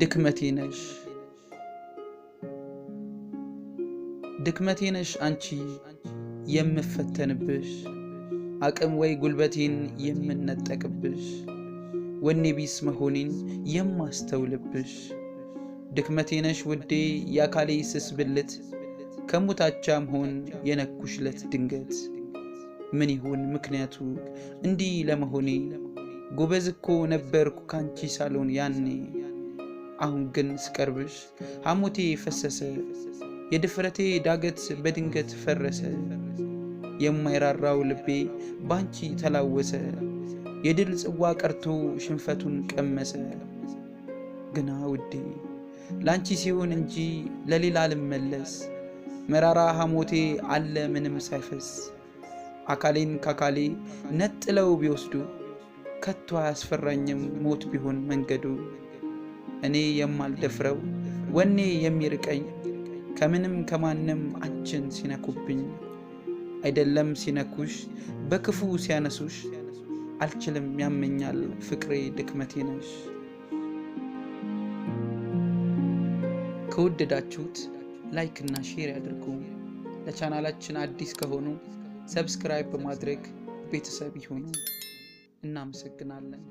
ድክመቴ ነሽ ድክመቴ ነሽ አንቺ የምፈተንብሽ አቅም ወይ ጉልበቴን የምነጠቅብሽ ወኔ ቢስ መሆኔን የማስተውልብሽ ድክመቴ ነሽ ውዴ የአካሌ ስስ ብልት ከሙታቻ መሆን የነኩሽለት ድንገት ምን ይሆን ምክንያቱ እንዲህ ለመሆኔ ጎበዝኮ ነበርኩ ካንቺ ሳሎን ያኔ አሁን ግን ስቀርብሽ ሐሞቴ ፈሰሰ፣ የድፍረቴ ዳገት በድንገት ፈረሰ። የማይራራው ልቤ ባንቺ ተላወሰ፣ የድል ጽዋ ቀርቶ ሽንፈቱን ቀመሰ። ግና ውዴ ላንቺ ሲሆን እንጂ ለሌላ ልመለስ፣ መራራ ሐሞቴ አለ ምንም ሳይፈስ። አካሌን ካካሌ ነጥለው ቢወስዱ ከቶ አያስፈራኝም ሞት ቢሆን መንገዱ እኔ የማልደፍረው ወኔ የሚርቀኝ ከምንም ከማንም አንቺን ሲነኩብኝ አይደለም ሲነኩሽ በክፉ ሲያነሱሽ አልችልም ያመኛል ፍቅሬ ድክመቴ ነሽ። ከወደዳችሁት ላይክ እና ሼር ያድርጉ። ለቻናላችን አዲስ ከሆኑ ሰብስክራይብ በማድረግ ቤተሰብ ይሁኑ። እናመሰግናለን።